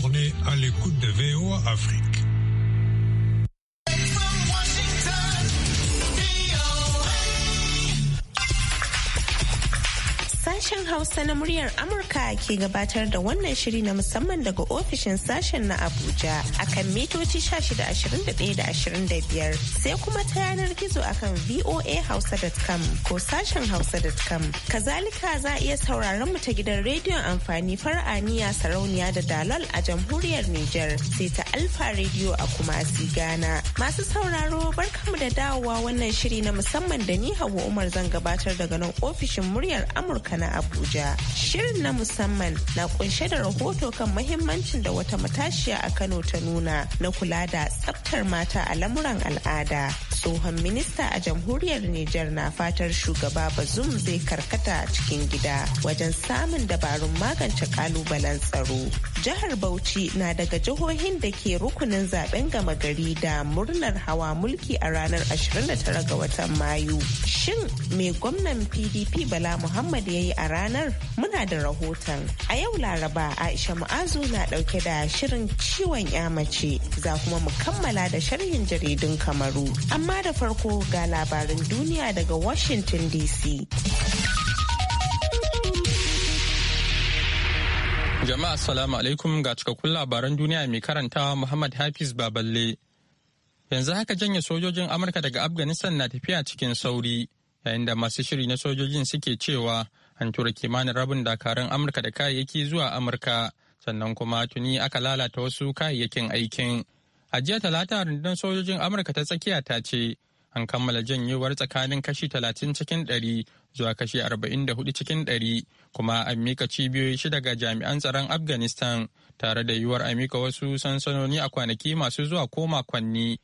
journée à l'écoute de VOA Afrique. Sashen Hausa na muryar Amurka ke gabatar da wannan shiri na musamman daga ofishin sashen na Abuja akan mitoci 1621 sai kuma ta yanar gizo akan voahausa.com ko sashen hausa.com. Kazalika za a iya sauraron mu ta gidan rediyon amfani fara'aniya sarauniya da dalal a jamhuriyar Nijar sai ta Alfa rediyo a Kumasi Ghana. Masu sauraro barkamu da dawowa wannan shiri na musamman da ni Hauwa Umar zan gabatar daga nan ofishin muryar Amurka na na Abuja. Shirin na musamman na kunshe da rahoto kan mahimmancin da wata matashiya a Kano ta nuna na kula da tsaftar mata a lamuran al'ada. tsohon minista a jamhuriyar Nijar na fatar shugaba Bazum zai karkata cikin gida wajen samun dabarun magance kalubalen tsaro. Jihar Bauchi na daga jihohin da ke rukunin zaben gama gari da murnar hawa mulki a ranar 29 ga watan Mayu. Shin mai gwamnan PDP Bala Muhammad ya yi a ranar? Muna da rahoton. A yau Laraba Aisha Ma'azu na ɗauke da shirin ciwon ya mace za kuma mu kammala da sharhin jaridun Kamaru. Amma da farko ga labarin duniya daga Washington DC. Jama'a Assalamu alaikum ga cikakkun labaran duniya mai karantawa Muhammad Hafiz Baballe. Yanzu haka janye sojojin Amurka daga Afghanistan na tafiya cikin sauri, yayin da masu shiri na sojojin suke cewa an tura kimanin rabin dakarun Amurka da kayayyaki zuwa Amurka, sannan kuma tuni aka lalata wasu kayayyakin aikin. A jiya talata rundunar sojojin Amurka ta tsakiya ta ce an kammala janyewar tsakanin kashi talatin cikin ɗari zuwa kashi arba'in da hudu cikin ɗari kuma an mika cibiyoyi shida ga jami'an tsaron Afghanistan tare da yiwuwar a mika wasu sansanoni a kwanaki masu zuwa ko makonni.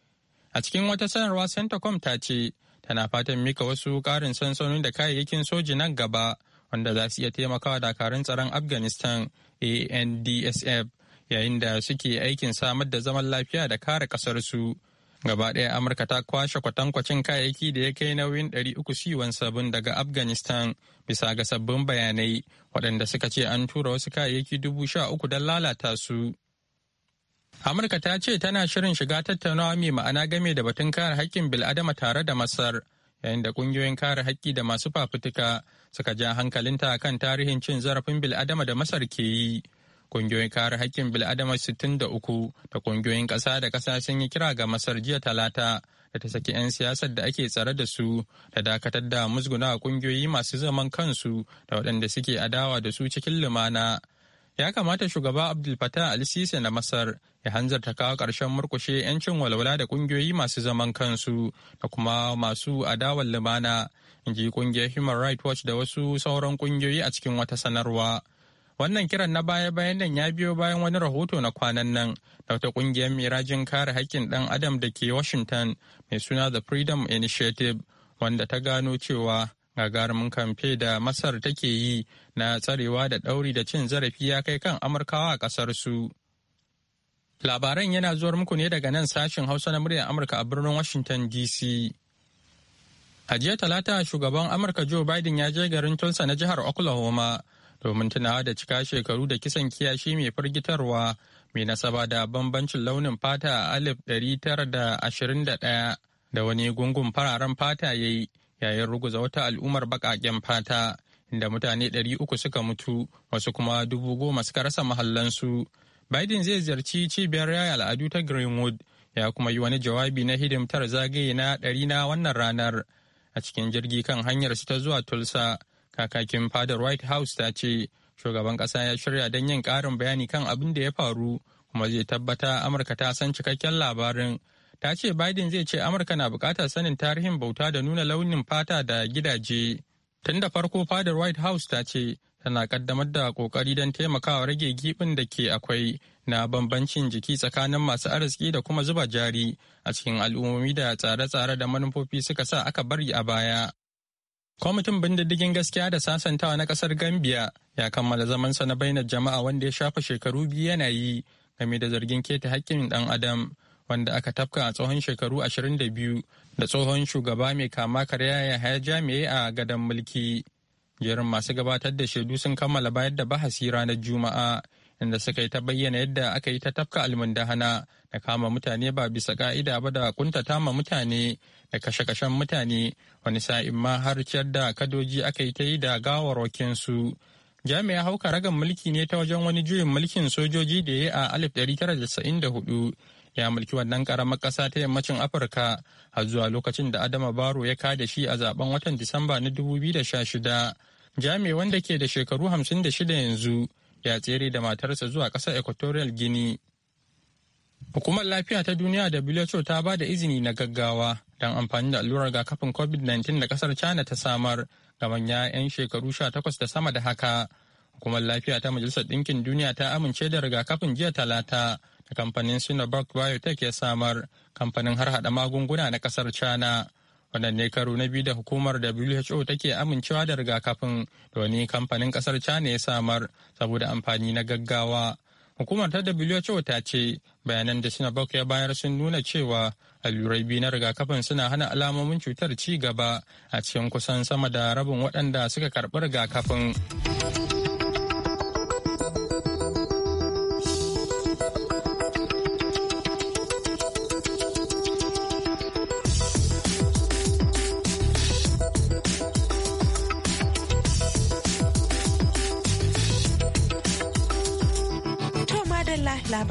A cikin wata sanarwa Centacom ta ce tana fatan mika wasu karin sansanoni da kayayyakin soji nan gaba wanda za su iya taimakawa dakarun tsaron Afghanistan ANDSF yayin da suke aikin samar da zaman lafiya da kare kasarsu. Gaba ɗaya Amurka ta kwashe kwatankwacin kayayyaki da ya kai nauyin uku siwan sabon daga Afghanistan bisa ga sabbin bayanai waɗanda suka ce an tura wasu kayayyaki dubu sha uku don lalata su. Amurka ta ce tana shirin shiga tattaunawa mai ma'ana game da batun kare haƙƙin bil'adama tare da Masar, yayin da ƙungiyoyin kare haƙƙi da masu fafutuka suka ja hankalinta kan tarihin cin zarafin bil'adama da Masar ke yi. Kungiyoyin kare haƙƙin bil'adama 63 da kungiyoyin ƙasa da ƙasa sun yi kira ga Masar jiya talata da ta saki 'yan siyasar da ake tsare da su da dakatar da musguna kungiyoyi masu zaman kansu da waɗanda suke adawa da su cikin lumana. Ya kamata shugaba Abdul Fattah al-Sisi na Masar ya hanzarta kawo ƙarshen murkushe 'yancin walwala da kungiyoyi masu zaman kansu da kuma masu adawar lumana, in ji kungiyar Human Rights Watch da wasu sauran kungiyoyi a cikin wata sanarwa. Wannan kiran na baya-bayan nan ya biyo bayan wani rahoto na kwanan nan da wata kungiyar mirajin kare haƙƙin ɗan adam da ke Washington mai suna The Freedom Initiative wanda ta gano cewa gagarumin kamfe da Masar take yi na tsarewa da ɗauri da cin zarafi ya kai kan Amurkawa a ƙasar su. Labaran yana zuwar muku ne daga nan sashen Hausa na muryar Amurka a birnin Washington DC. A jiya Talata shugaban Amurka Joe Biden ya je garin Tulsa na jihar Oklahoma domin tunawa da cika shekaru da kisan kiyashi mai firgitarwa mai nasaba da bambancin launin fata a alif ɗari tara da da ɗaya da wani gungun fararen fata ya yi yayin ruguza wata al'ummar baƙaƙen fata inda mutane ɗari suka mutu wasu kuma dubu goma suka rasa mahallansu. Biden zai ziyarci cibiyar raya al'adu ta Greenwood ya kuma yi wani jawabi na hidimtar zagaye na ɗari na wannan ranar a cikin jirgi kan hanyar su ta zuwa Tulsa. kakakin fadar white house ta ce shugaban kasa ya shirya don yin karin bayani kan abin da ya faru kuma zai tabbata amurka ta san cikakken labarin ta ce biden zai ce amurka na bukatar sanin tarihin bauta da nuna launin fata da gidaje tun da farko fadar white house ta ce tana kaddamar da kokari don taimakawa rage gibin da ke akwai na bambancin jiki tsakanin masu arziki da kuma zuba jari a cikin al'ummomi da tsare-tsare da manufofi suka sa aka bari a baya Kwamitin bindiddigin gaskiya da sasantawa na kasar Gambia ya kammala zamansa na bainar jama'a wanda ya shafa shekaru biyu yana yi game da zargin keta hakkin ɗan adam wanda aka tafka a tsohon shekaru 22 da tsohon shugaba mai kama karya ya haya jami'ai a gadon mulki. Jerin masu gabatar da shaidu sun kammala bayar da bahasi ranar Juma'a inda suka yi ta bayyana yadda aka yi ta tafka almundahana da kama mutane ba bisa ka'ida ba da kuntata ma mutane da kashe-kashen mutane wani sa'in ma har ciyar da kadoji aka yi ta yi da gawarwakin su jami'a hauka ragan mulki ne ta wajen wani juyin mulkin sojoji da ya yi a 1994 ya mulki wannan karamar ƙasa ta yammacin afirka har zuwa lokacin da adama baro ya kada shi a zaben watan disamba na 2016 jami'a wanda ke da shekaru 56 yanzu ya tsere da matarsa zuwa ƙasar equatorial guinea hukumar lafiya ta duniya da who ta ba da izini na gaggawa don amfani da allurar rigakafin covid-19 da kasar china ta samar ga manya 'yan shekaru 18 da sama da haka hukumar lafiya ta majalisar ɗinkin duniya ta amince da rigakafin jiya talata da kamfanin sinovac biotech ya samar kamfanin har hada magunguna na kasar china Wannan ne karo na biyu da hukumar WHO take amincewa da rigakafin da wani kamfanin kasar China ya samar saboda amfani na gaggawa. Hukumar ta WHO ta ce bayanan da Shinabok ya bayar sun nuna cewa allurai biyu na rigakafin suna hana alamomin cutar ci gaba a cikin kusan sama da rabin waɗanda suka karɓi rigakafin.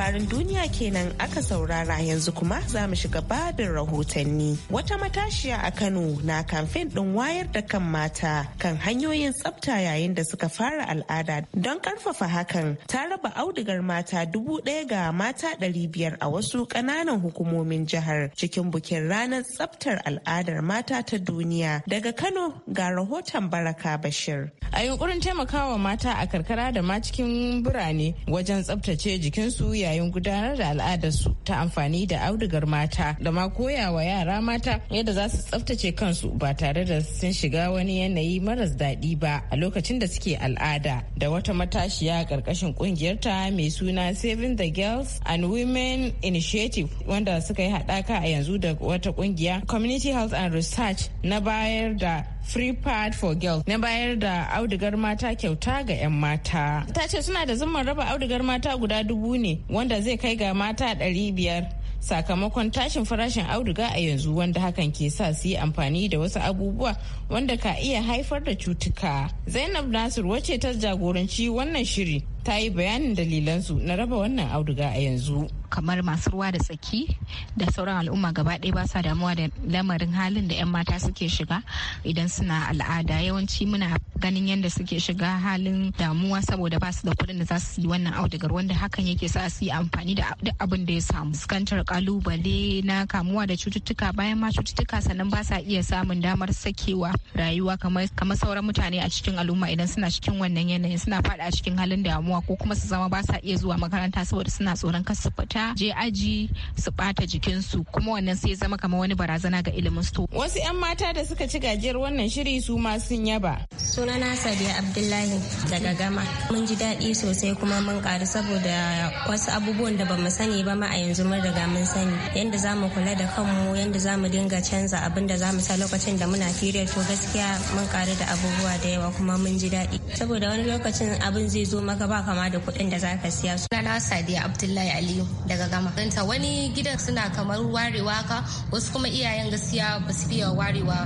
labarin duniya kenan aka saurara yanzu kuma za mu shiga babin rahotanni. Wata matashiya a Kano na kamfen ɗin wayar da kan mata kan hanyoyin tsafta yayin da suka fara al'ada don karfafa hakan ta raba audigar mata dubu ɗaya ga mata ɗari biyar a wasu ƙananan hukumomin jihar cikin bukin ranar tsaftar al'adar mata ta duniya daga Kano ga rahoton Baraka Bashir. A yunkurin taimakawa mata a karkara da ma cikin birane wajen tsaftace jikinsu yayin yayin gudanar da su ta amfani da audugar mata da ma koya wa yara mata yadda za su tsaftace kansu ba tare da sun shiga wani yanayi maras daɗi ba a lokacin da suke al'ada da wata matashiya a ƙarƙashin ƙungiyarta mai suna Saving the Girls and Women Initiative wanda suka yi haɗaka a yanzu da wata ƙungiya Community Health and Research na bayar da free pad for girls na bayar da audugar mata kyauta ga 'yan mata ta ce suna da zaman raba audugar mata guda dubu ne wanda zai kai ga mata ɗari biyar sakamakon tashin farashin auduga a yanzu wanda hakan ke sa su yi amfani da wasu abubuwa wanda ka iya haifar da cutuka zainab nasir wacce ta jagoranci wannan shiri ta yi bayanin dalilansu na raba wannan auduga a yanzu kamar masu ruwa da tsaki da sauran al'umma gaba ɗaya ba sa damuwa da lamarin halin da 'yan mata suke shiga idan suna al'ada yawanci muna ganin yadda suke shiga halin damuwa saboda ba su da kuɗin da za su yi wannan audugar wanda hakan yake sa su yi amfani da duk abin da ya samu fuskantar kalubale na kamuwa da cututtuka bayan ma cututtuka sannan ba sa iya samun damar sakewa rayuwa kamar sauran mutane a cikin al'umma idan suna cikin wannan yanayin suna faɗa cikin halin damuwa damuwa ko kuma su zama ba sa iya zuwa makaranta saboda suna tsoron kar su fita je aji su bata jikinsu kuma wannan sai zama kamar wani barazana ga ilimin su. Wasu 'yan mata da suka ci gajiyar wannan shiri su ma sun yaba. Sunana Sadiya Abdullahi daga Gama. Mun ji daɗi sosai kuma mun karu saboda wasu abubuwan da bamu sani ba ma a yanzu mun riga mun sani. Yanda za mu kula da kanmu yanda za mu dinga canza abin da za mu sa lokacin da muna firiyar to gaskiya mun karu da abubuwa da yawa kuma mun ji daɗi. Saboda wani lokacin abin zai zo maka ba kama da kuɗin da zaka siya suna na sadiya abdullahi aliyu daga gama ta wani gidan suna kamar warewa ka wasu kuma iyayen gaskiya ba su fiye warewa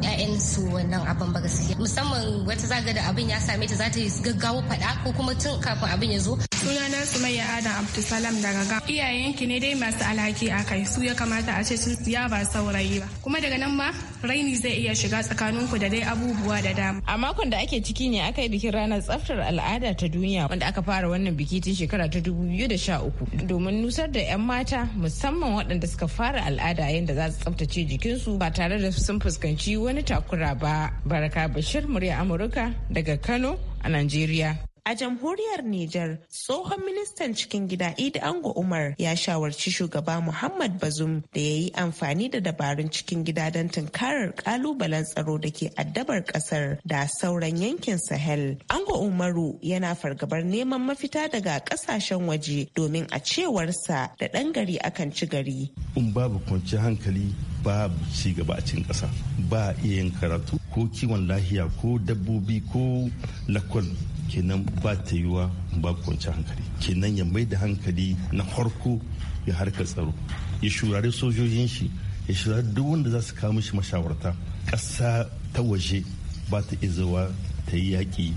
ƴaƴan su wannan abin ba gaskiya musamman wata zaga da abin ya same ta za ta yi gaggawa faɗa ko kuma tun kafin abin ya zo sunana sumayya adam abdulsalam daga gama iyayenki ne dai masu alhaki a kai su ya kamata a ce sun siya ba saurayi ba kuma daga nan ma raini zai iya shiga tsakaninku da dai abubuwa da dama a makon da ake ciki ne aka yi bikin ranar tsaftar al'ada ta duniya da aka fara wannan biki tun shekara ta 2013 domin nusar da 'yan mata musamman waɗanda suka fara al'ada da za su tsaftace jikinsu ba tare da sun fuskanci wani takura ba. Baraka Bashir murya Amurka daga Kano a Najeriya. A jamhuriyar Nijar, tsohon ministan cikin gida Idi Ango Umar ya shawarci shugaba Muhammad Bazum da ya yi amfani da dabarun cikin gida don tunkarar kalubalen tsaro da ke addabar kasar da sauran yankin Sahel. Ango Umaru yana fargabar neman mafita daga kasashen waje domin a cewarsa da ɗan gari akan ci gari. In babu kwanci hankali babu ci gaba a cikin ƙasa ba iya yin karatu ko kiwon lahiya ko dabbobi ko lakwal kenan ba ta yiwa ba kwanci hankali kenan ya mai da hankali na farko ya harkar tsaro ya shurare sojojin shi ya shurare duk wanda za su kawo mishi mashawarta ƙasa ta waje ba ta izawa ta yi yaƙi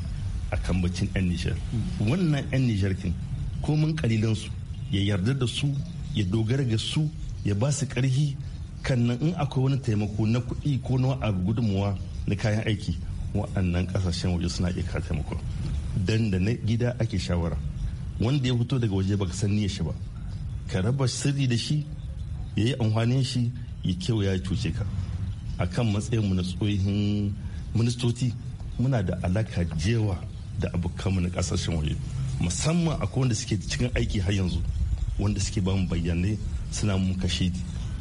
a kan bacin 'yan nijar wannan 'yan nijar kin komin kalilansu ya yarda da su ya dogara ga su ya ba su ƙarfi kannan in akwai wani taimako na kuɗi ko na abu gudunmuwa na kayan aiki wa'annan ƙasashen waje suna iya taimako dan da na gida ake shawara wanda ya fito daga waje baka san niya shi ba ka raba sirri da shi ya yi amfanin shi ya kyau ya cuce ka a kan matsayin mu na tsohin ministoci muna da alaka jewa da abokanmu na kasashen waje musamman akwai wanda suke cikin aiki har yanzu wanda suke ba mu bayanai suna mu kashe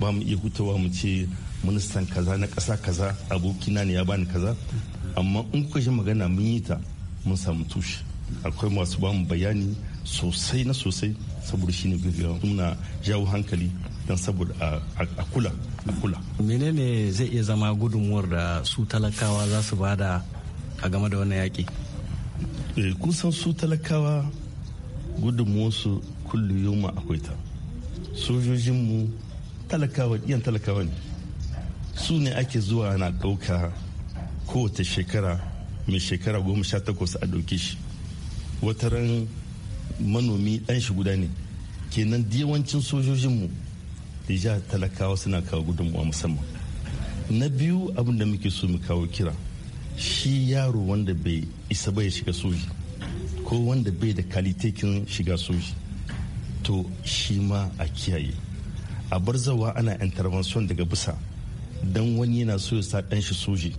ba mu iya hutawa mu ce ministan kaza na kasa kaza abokina ne ya bani kaza amma in kuka shi magana mun yi ta mun samu tushe akwai masu ba mu bayani sosai na sosai saboda shine muna jawo hankali don saboda a kula a kula menene zai iya zama gudunmuwar da su talakawa za su bada a game da wannan yaƙi eh, kun san su talakawa gudunmuwarsu kullu yoma akwai ta sojojinmu talakawa yan talakawa ne su ne ake zuwa na ɗauka kowace shekara mai shekara goma sha takwas a ɗauke shi wataran manomi ɗan shi guda ne kenan yawancin sojojinmu da ja talakawa suna kawo gudunmuwa musamman na biyu abin da muke so mu kawo kira shi yaro wanda bai isa bai shiga soji ko wanda bai da kalitekin shiga soji to shi ma a kiyaye a bar zawa ana intervention daga bisa don wani yana so ya sa ɗan shi soji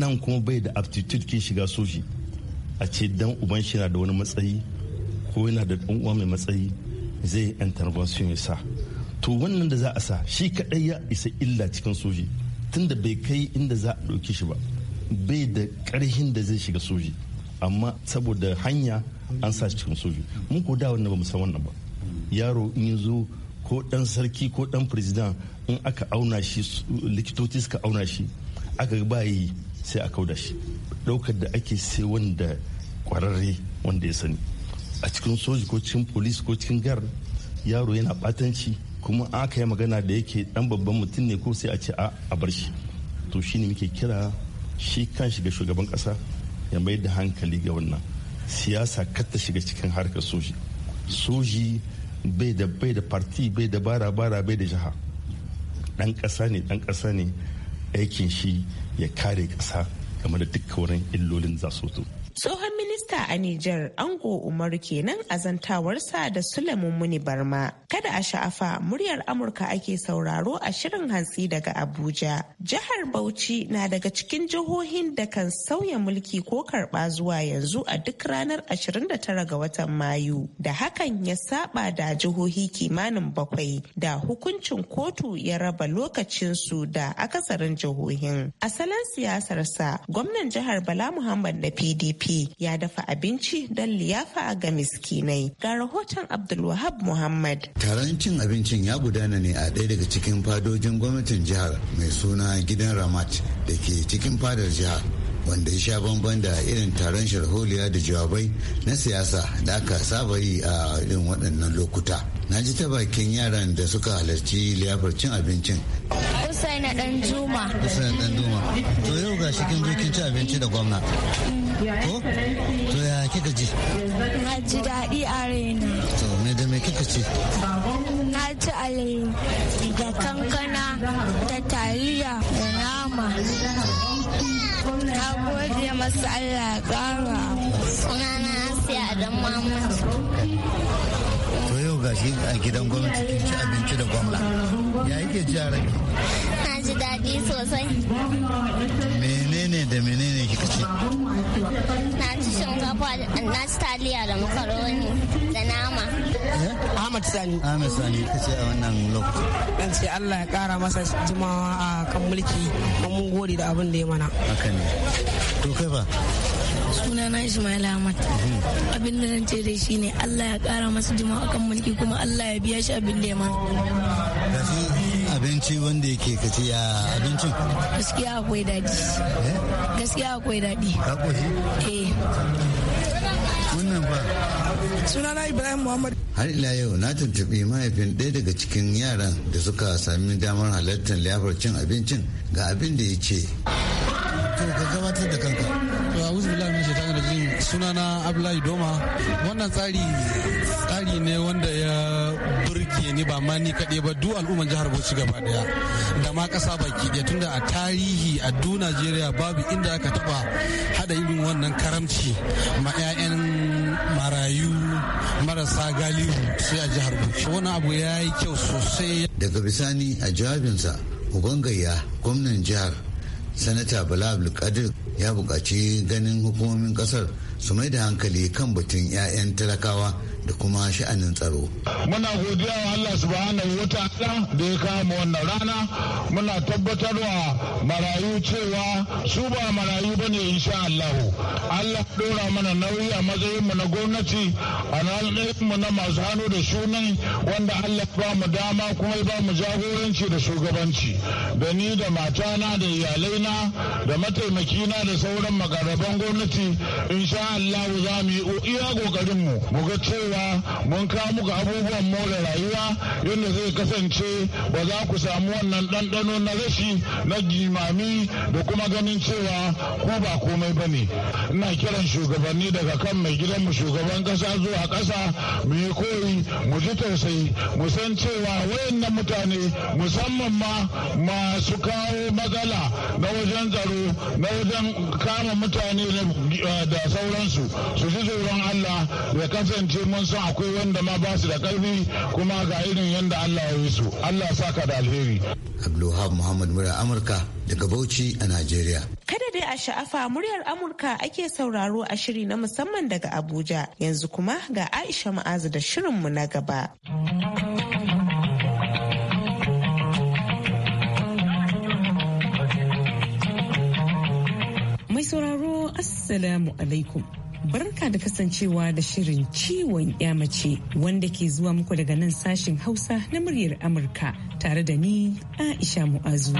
nan kuma bai da aptitude kin shiga soji a ce dan uban shi na da wani matsayi ko yana da dan uwa mai matsayi zai intervention ya sa to wannan da za a sa shi kadai ya isa illa cikin soji tunda bai kai inda za a ɗauki shi ba bai da karhin da zai shiga soji amma saboda hanya an sa cikin soji mun ko da wannan ba mu san wannan ba yaro in ya zo ko dan sarki ko dan president in aka auna shi likitoci suka auna shi aka ba yi sai a kauda shi ɗaukar da ake sai wanda kwararre wanda ya sani a cikin soji ko cikin polis ko cikin gar yaro yana batanci kuma aka yi magana da yake dan babban mutum ne ko sai a ce a bar shi to shine muke kira shi kan shiga shugaban kasa ya mai da hankali ga wannan siyasa kar ta shiga cikin harkar soji soji bai da bai da parti bai da bara bara bai da jiha dan kasa ne dan kasa ne aikin shi ya kare ƙasa game da dukkanin illolin zasu zo. Tsohon minista a Nijar Ango Umaru kenan azantawarsa da Sulaimun Muni Barma. Kada a sha'afa muryar Amurka ake sauraro a shirin hantsi daga Abuja. Jihar Bauchi na daga cikin jihohin da kan sauya mulki ko karɓa zuwa yanzu a duk ranar 29 ga watan Mayu. Da hakan ya saba da jihohi kimanin bakwai da hukuncin kotu ya raba lokacinsu da akasarin jihohin. Asalin siyasarsa gwamnan jihar Bala Muhammad na PDP ciki ya dafa abinci don liyafa ga miskinai. Ga rahoton Abdulwahab Muhammad. Taron cin abincin ya gudana ne a ɗaya daga cikin fadojin gwamnatin jihar mai suna gidan Ramat da ke cikin fadar jihar. wanda ya sha bamban da irin taron sharholiya da jawabai na siyasa da aka saba yi a irin waɗannan lokuta na ji ta bakin yaran da suka halarci liyafar cin abincin Usaina dan Juma. Usaina dan Juma. To yau ga shi kin zo kin ci abinci da gwamna. Ko? To ya kika ji? Na ji daɗi a raina. To me da me kika ci? Na ci alayi da kankana da taliya da nama. wasu kara ƙara. Sunana Asiya Adam Muhammad. yau gashi a gidan gwamnati kin ci abinci da gwamna. Ya yake a Na ji daɗi sosai. menene da menene kika ce na ci shinkafa na ci taliya da makaroni da nama eh? Ahmad Sani Ahmad Sani ka ce a wannan lokacin dan ce Allah ya kara masa jimawa a kan mulki mun gode da abin da ya mana haka ne to kai ba sunana Ismail Ahmad mhm. abin da zan ce dai shine Allah ya kara masa jimawa kan mulki kuma Allah ya biya shi abin da ya mana abinci wanda yake ka ce ya abincin gaskiya akwai daɗi eh? gaskiya akwai daɗi Akwai? eh wannan ba Suna na ibrahim muhammad har ila yau na tuntuɓi mahaifin ɗaya daga cikin yaran da suka sami damar halartar liyafar cin abincin ga abin da ya ce ka gabatar da kanka sunana abdullahi doma wannan tsari tsari ne wanda ya burge ni ba ma ni kaɗai ba duk al'umman jihar Bauchi gaba daya da ma kasa baki ɗaya tunda a tarihi a duk Najeriya babu inda aka taɓa haɗa irin wannan karamci ma 'ya'yan marayu marasa galihu sai a jihar Bauchi wannan abu ya yi kyau sosai. Daga bisani a jawabinsa Ubangayya gwamnan jihar Sanata Bala Abdulkadir ya buƙaci ganin hukumomin ƙasar su mai da hankali kan batun 'ya'yan talakawa da kuma sha'anin tsaro. Muna godiya wa Allah subhanahu wa ta'ala da ya kama wannan rana muna tabbatar wa marayu cewa su ba marayu ba ne insha Allah. Allah dora mana nauyi a matsayin mu na gwamnati a matsayin mu na masu hannu da sunan wanda Allah ba mu dama kuma ba mu jagoranci da shugabanci da ni da matana da iyalaina da mataimakina da sauran magaraban gwamnati insha Allah za mu yi iya kokarin mu mu ga cewa rayuwa mun kawo muku abubuwan more rayuwa yadda zai kasance ba za ku samu wannan ɗanɗano na rashi na jimami da kuma ganin cewa ko ba komai ba ne ina kiran shugabanni daga kan mai gidanmu shugaban ƙasa zuwa ƙasa mu yi koyi mu ji tausayi mu san cewa wayannan mutane musamman ma masu kawo matsala na wajen tsaro na wajen kama mutane da eh, sauransu su ji tsoron allah ya kasance mun an san akwai wanda ma ba su da karfi kuma ga irin yadda Allah ya yi su Allah saka da alheri Abdulwahab Muhammad Mura Amurka daga Bauchi a Najeriya Kada dai a sha'afa muryar Amurka ake sauraro a shiri na musamman daga Abuja yanzu kuma ga Aisha Ma'azu da shirin mu na gaba Mai sauraro Assalamu alaikum barka da kasancewa da shirin ciwon mace wanda ke zuwa muku daga nan sashen hausa na muryar amurka tare da ni aisha mu'azu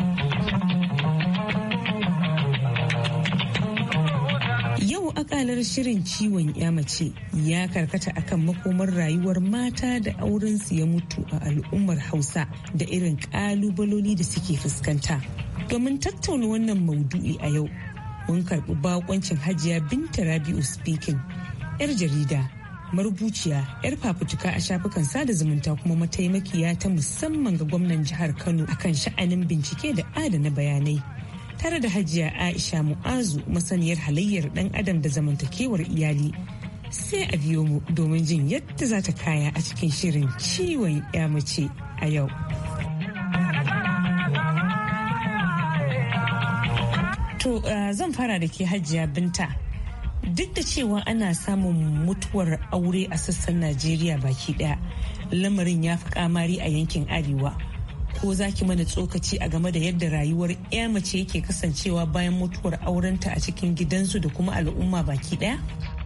yau akalar shirin ciwon mace ya karkata akan makomar rayuwar mata da aurensu ya mutu a al'ummar hausa da irin kalubaloli da suke fuskanta domin tattauna wannan maudu'i a yau mun karɓi bakoncin hajiya binta rabi'u speaking yar jarida marubuciya yar fafutuka a shafukan sada zumunta kuma mataimakiya ta musamman ga gwamnan jihar kano akan sha'anin bincike da adana bayanai tare da hajiya aisha mu'azu masaniyar halayyar dan adam da zamantakewar iyali sai a biyo mu domin jin yadda za ta kaya a cikin shirin ciwon ya mace a yau. To eh, zan fara da ke hajiya binta. Duk da cewa ana samun mutuwar aure a sassan Najeriya baki daya, lamarin ya fi kamari a yankin Arewa. Ko za ki mana tsokaci a game da yadda rayuwar 'ya mace yake kasancewa bayan mutuwar aurenta a cikin gidansu da kuma al'umma baki daya?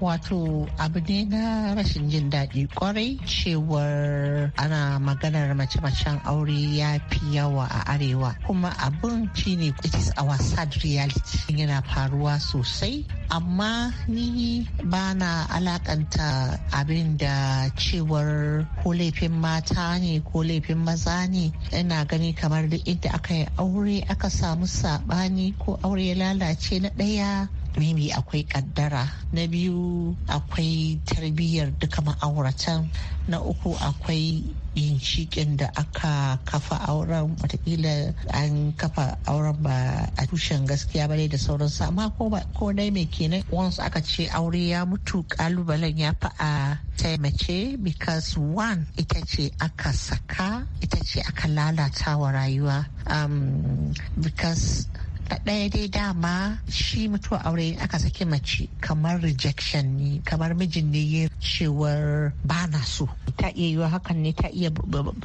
wato abu ne na rashin jin daɗi kwarai cewar ana maganar mace-macen aure ya fi yawa a arewa kuma abin ne it is our sad reality yana faruwa sosai amma ni ba na alakanta abin da cewar ko laifin mata ne ko laifin maza ne ina gani kamar duk inda aka yi aure aka samu saɓani ko aure ya lalace na ɗaya maybe akwai kaddara na biyu akwai tarbiyyar duka ma'auratan na uku akwai ginshikin da aka kafa auren watakila an kafa auren ba a tushen gaskiya ba da sauransu amma ko dai mai kenan once aka ce aure ya mutu kalubalen ya fi a taimace because one ita ce aka saka ita ce aka lalata wa rayuwa um, because a ɗaya dai dama shi mutuwa aure aka saki mace kamar rejection ne kamar mijin ne ya cewar ba na so ta iya yiwa hakan ne ta iya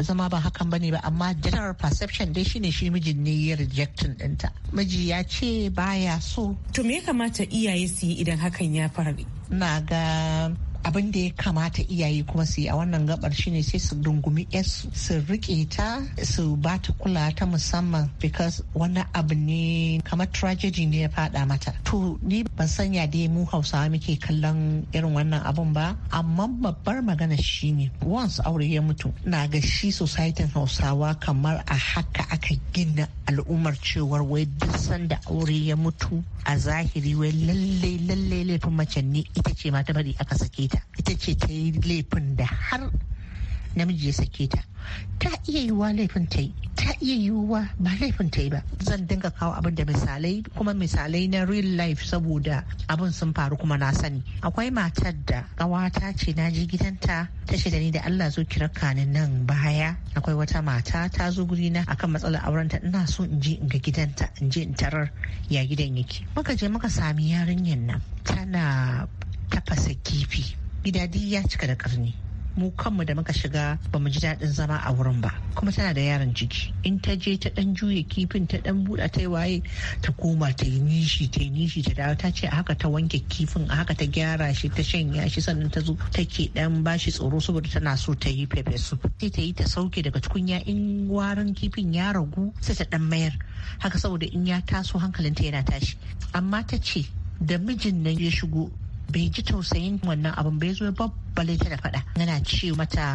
zama ba hakan ba ne ba amma general perception dai shine shi mijin ne ya rejectin ɗinta miji ya ce baya so to me ya kamata iyaye su yi idan hakan ya faru na ga abin da ya kamata iyaye kuma su yi a wannan gabar shine sai su dungumi yarsu su rike ta su ba ta kula ta musamman because wani abu ne kamar tragedy ne ya fada mata to ni ban sanya dai mu hausawa muke kallon irin wannan abun ba amma babbar magana shine once aure ya mutu na ga shi society hausawa kamar a haka aka gina al'ummar cewar wai duk sanda aure ya mutu a zahiri wai lalle lalle laifin mace ne ita ce ma ta bari aka sake ta ita ita ce ta yi laifin da har namiji ya sake ta ta iya yiwuwa laifin ta yi ta iya yiwuwa ba laifin ta yi ba zan dinga kawo abin da misalai kuma misalai na real life saboda abin sun faru kuma na sani akwai matar da ƙawata ce na ji gidanta ta shida ni da Allah zo kira ni nan baya akwai wata mata ta zo guri na akan matsalar aurenta ina so in je in ga gidanta in je in tarar ya gidan yake muka je muka sami yarinyar nan tana tafasa kifi Gidadi ya cika da karni mu kanmu da muka shiga ba mu ji daɗin zama a wurin ba kuma tana da yaron ciki in ta je ta ɗan juya kifin ta ɗan buɗa ta waye ta koma ta yi nishi ta yi nishi ta dawo ta ce a haka ta wanke kifin a haka ta gyara shi ta shanya shi sannan ta zo take ɗan ba shi tsoro saboda tana so ta yi pepe soup sai ta yi ta sauke daga tukunya in warin kifin ya ragu sai ta ɗan mayar haka saboda in ya taso hankalinta yana tashi amma ta ce da mijin nan ya shigo bai ji tausayin wannan abin bai zo babba ta da faɗa yana ce mata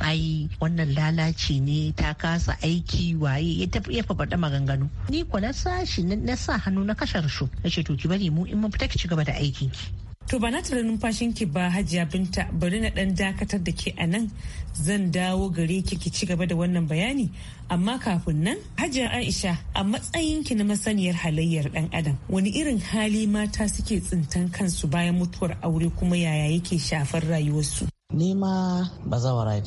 ai wannan lalaci ne ta kasa aiki waye ya tafi ya faɗa maganganu ni ko na sa shi na sa hannu na kashar shu na ce to ki bari mu in mun fita ki ci gaba da aikin ki To ba na tura numfashinki ba Hajiya Binta bari na ɗan dakatar da ke a nan zan dawo gare ki ki ci gaba da wannan bayani amma kafin nan Hajiya Aisha a matsayinki na masaniyar halayyar ɗan adam wani irin hali mata suke tsintan kansu bayan mutuwar aure kuma yaya yake shafar rayuwarsu. Ni ma bazawara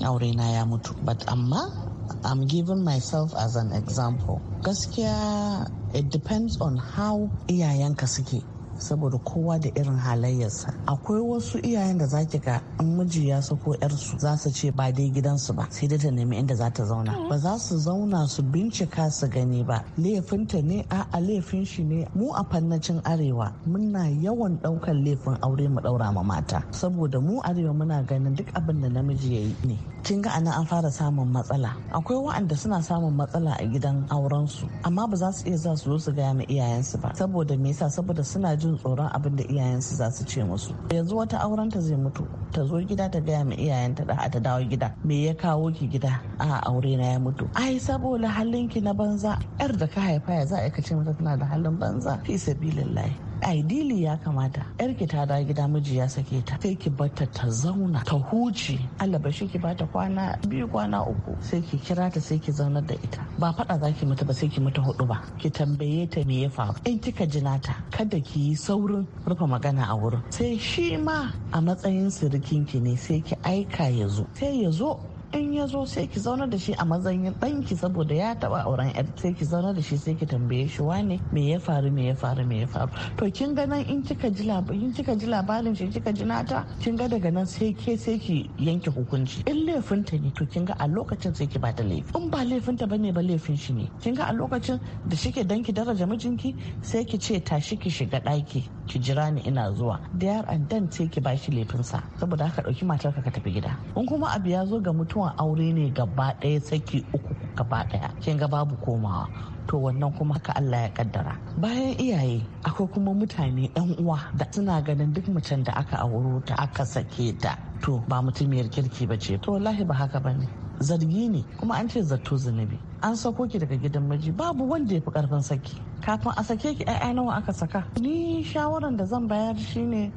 aure na ya mutu but amma I'm giving myself as an example. Gaskiya it depends on how iyayenka suke saboda kowa da irin halayyarsa akwai wasu iyayen da za ki ga an miji ya sako yarsu za su ce ba dai gidansu ba sai dai ta nemi inda za ta zauna ba za su zauna su bincika su gani ba laifinta ne a laifin shi ne mu a fannacin arewa muna yawan daukan laifin aure mu daura ma mata saboda mu arewa muna ganin duk abin da namiji ya yi ne kin ga anan an fara samun matsala akwai wa'anda suna samun matsala a gidan aurensu amma ba za su iya za su zo su gaya ma iyayensu ba saboda me yasa saboda suna jin jin tsoron abin da iyayensu za su ce musu yanzu wata aurenta zai mutu ta zo gida ta gaya ma iyayenta da ta dawo gida me ya kawo ki gida a aure na ya mutu ai saboda halinki na banza yar da ka haifa ya za a ce mata tana da halin banza fi sabilillahi aidili ya kamata yarki ta da gida miji ya sake ta sai ki bata ta zauna ta huce Allah ba shi ki bata kwana biyu kwana uku sai ki kira ta sai ki zaunar da ita ba fada za ki mutu ba sai ki mutu hudu ba ki tambaye ta me ya faru in kika jina ta kada ki yi saurin rufe magana a wurin sai shi ma a matsayin sirikin ki ne sai ki aika ya zo sai ya zo in ya zo sai ki zauna da shi a matsayin danki saboda ya taɓa auren yar sai ki zauna da shi sai ki tambaye shi wane me ya faru me ya faru me ya faru to kin ga nan in kika ji labarin kika ji labarin shi kika ji nata kin ga daga nan sai ke sai ki yanke hukunci in laifinta ne to kin ga a lokacin sai ki bata laifi in ba laifinta bane ba laifin shi ne kin ga a lokacin da shike dan ki daraja mijinki sai ki ce ta shi ki shiga ɗaki ki jira ni ina zuwa da yar and dan sai ki bashi laifinsa saboda haka ɗauki matarka ka tafi gida in kuma abu ya zo ga mutuwa mutuwa aure ne gaba ɗaya saki uku gaba ɗaya kin ga babu komawa to wannan kuma haka Allah ya kaddara bayan iyaye akwai kuma mutane yan uwa da suna ganin duk macen da aka auro ta aka sake ta to ba mutumiyar kirki ba ce to wallahi ba haka bane zargi ne kuma an ce zato zunubi an sako ki daga gidan miji babu wanda ya fi karfin saki kafin a sake ki ƴaƴa nawa aka saka ni shawaran da zan bayar shine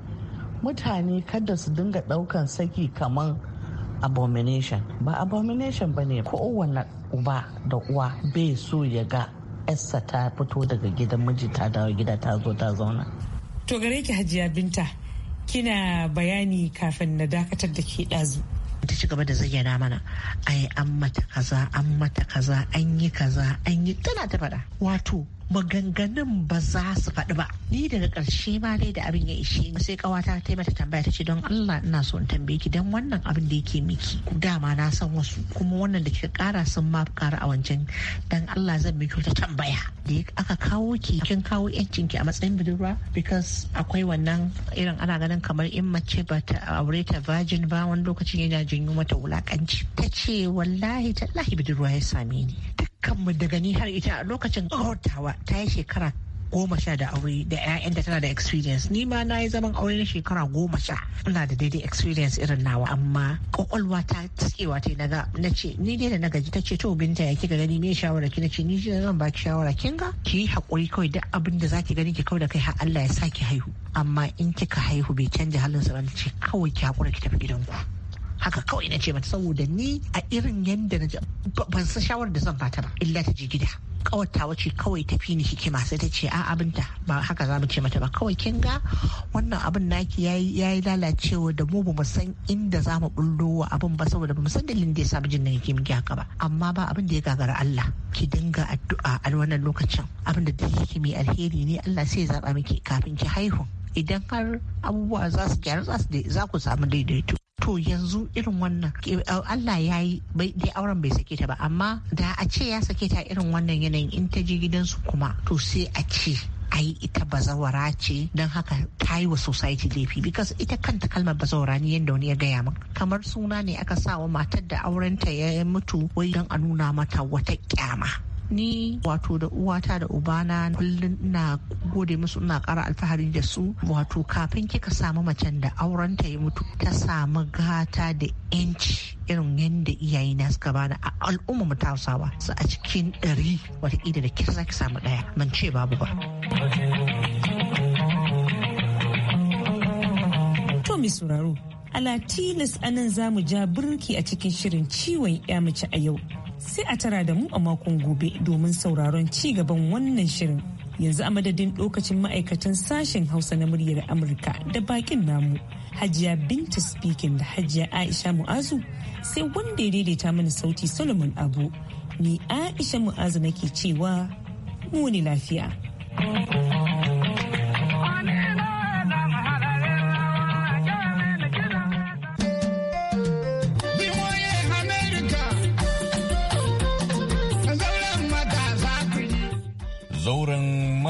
mutane kada su dinga ɗaukan saki kaman abomination ba abomination ba ne kowane uba da uwa bai so ya ga yarsa ta fito daga gidan miji ta dawo gida ta zo ta zauna to gare ki hajiya binta kina bayani kafin na dakatar da ke ɗazu ta ci gaba da zayyana mana ai an mata kaza an mata kaza an yi kaza an yi tana ta faɗa wato maganganun ba za su faɗi ba ni daga ƙarshe ma dai da abin ya ishe sai kawata ta mata tambaya ta ce don Allah ina so in tambaye ki dan wannan abin da yake miki dama na san wasu kuma wannan da kika kara sun ma kara a wancan dan Allah zan miki wata tambaya da aka kawo ki kin kawo yancin ki a matsayin budurwa because akwai wannan irin ana ganin kamar in mace ba ta aure ta virgin ba wani lokacin yana janyo mata wulakanci ta ce wallahi tallahi budurwa ya same ni mu daga ni har ita a lokacin kawartawa ta yi shekara goma sha da aure da 'ya'yan da tana da experience ni ma na yi zaman aure na shekara goma sha ina da daidai experience irin nawa amma kwakwalwa ta tsikewa ta naga na ce ni dai da na gaji ta ce to binta ya ga gani me shawara ki na ce ni da zan baki shawara kin ga ki yi hakuri kawai duk abin da zaki gani ki kawai da kai har Allah ya saki haihu amma in kika haihu bai canja halin sa ba ce kawai ki hakura ki tafi ku. haka kawai na ce mata saboda ni a irin yadda na ban san shawarar da zan bata ba illa ta je gida kawata wace kawai tafi ni hikima sai ta ce a abinta ba haka za mu ce mata ba kawai kin ga wannan abin naki yayi lalacewa da mu ba san inda za mu bullo wa abin ba saboda ba mu san dalilin da ya sa mijin nan yake miki haka ba amma ba abin da ya gagara Allah ki dinga addu'a a wannan lokacin abin da yake mai alheri ne Allah sai ya zaba miki kafin ki haihu idan har abubuwa za su gyaru za ku samu daidaito to yanzu irin wannan Allah ya yi dai auren bai sake ta ba amma da a ce ya sake ta irin wannan yanayin in ta je gidansu kuma to sai a ce ai ita bazawara ce don haka ta yi wa society laifi bikas ita kanta kalmar bazawara ne yadda wani ya gaya min kamar suna ne aka sa wa matar da aurenta ya mutu wai don a nuna mata wata kyama ni wato da uwata da ubana kullum ina gode musu ina kara alfahari da su wato kafin kika samu macen da auren ta ya mutu ta samu gata da yanci irin yadda iyaye na suka bani a al'umma mu tausawa su a cikin ɗari wataƙila da kira za samu ɗaya ban ce babu ba. To mi sauraro, ala tilas anan za mu ja birki a cikin shirin ciwon ya mace a yau. sai a tara da mu a makon gobe domin sauraron ci gaban wannan shirin. Yanzu a madadin lokacin ma'aikatan sashen Hausa na muryar Amurka da bakin namu, Hajiya Binta Speaking da Hajiya Aisha Mu'azu sai wanda ya daidaita mana sauti Solomon Abu. Ni Aisha Mu'azu nake cewa mu ne lafiya.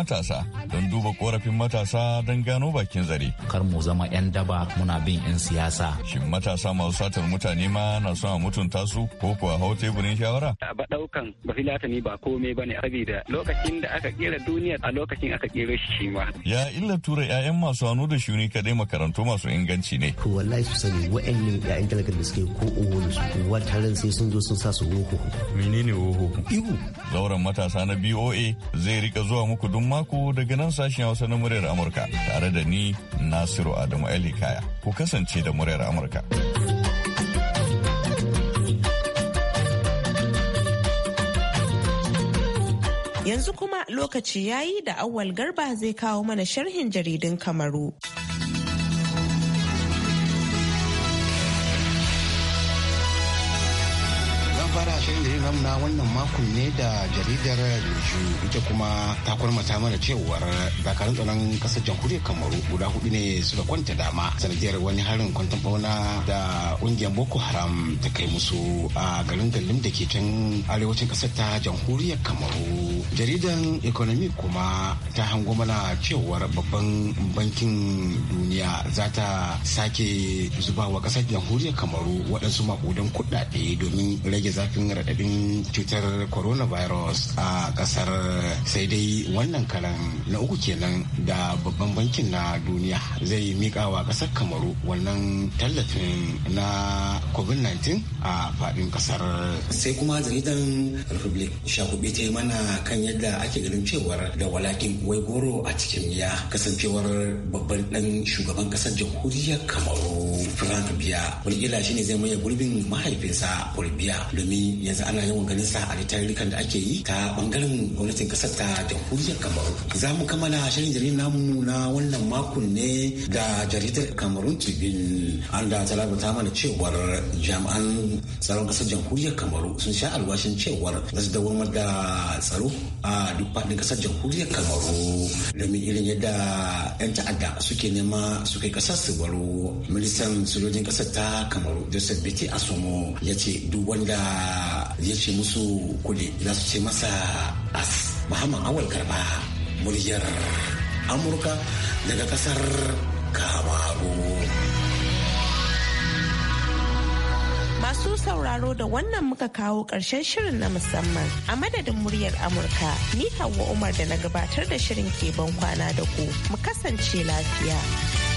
matasa duba korafin matasa don gano bakin zare. Kar mu zama 'yan daba muna bin 'yan siyasa. Shin matasa masu satar mutane ma na son a mutunta su ko kuwa hau teburin shawara? Ba ɗaukan ba ba komai ba ne da lokacin da aka kera duniya a lokacin aka kera shi ma. Ya illa tura 'ya'yan masu hannu da shuni kadai makarantu masu inganci ne. Ko wallahi su sani wa'annan 'ya'yan talakar da suke ko owo da su wata sai sun zo sun sa su woho. Menene woho? Ihu. Zauren matasa na BOA zai rika zuwa muku duk mako daga nan sashi sashen Hausa na muryar Amurka tare da ni Nasiru Adamu elikaya Ku kasance da muryar Amurka. Yanzu kuma lokaci yayi da awwal garba zai kawo mana sharhin jaridun Kamaru. namu na wannan makon ne da jaridar yanzu ita kuma ta mana cewar dakarun tsaron kasar jamhuriyar Kamaru guda hudu ne suka kwanta dama sanadiyar wani harin kwantan bauna da kungiyar Boko Haram ta kai musu a garin Gallim da ke can arewacin kasar ta jamhuriyar Kamaru. Jaridan Economy kuma ta hango mana cewar babban bankin duniya za ta sake zubawa kasar jamhuriyar Kamaru waɗansu makudan kuɗaɗe domin rage zafin raɗaɗin cutar coronavirus a kasar sai dai wannan karan na uku kenan da babban bankin na duniya zai mika wa kasar kamaru wannan tallafin na covid-19 a faɗin kasar sai kuma jaridan republic shakube ta yi mana kan yadda ake ganin cewar da walakin wai goro a cikin ya kasancewar babban dan shugaban kasar jamhuriyar kamaru frank biya wani shi ne zai maye gurbin mahaifinsa paul biya domin yanzu ana yawan wanganin sa a tarurrukan da ake yi ta bangaren gwamnatin kasar ta jamhuriyar kamaru za mu kammala shirin jaridar namu na wannan makon ne da jaridar kamarun tribune an da ta mana cewar jami'an tsaron kasar jamhuriyar kamaru sun sha alwashin cewar za su dawamar da tsaro a duk faɗin kasar jamhuriyar kamaru domin irin yadda 'yan ta'adda suke nema su kai kasar su baro ministan sojojin kasar ta kamaru joseph bitti asomo ya ce duk wanda zai ce musu kudi za su ce masa as muhammad awal karba muryar amurka daga kasar kamaru Masu sauraro da wannan muka kawo ƙarshen shirin na musamman a madadin muryar Amurka, ni hawa Umar da na gabatar da shirin ke ban kwana da ku, mu kasance lafiya.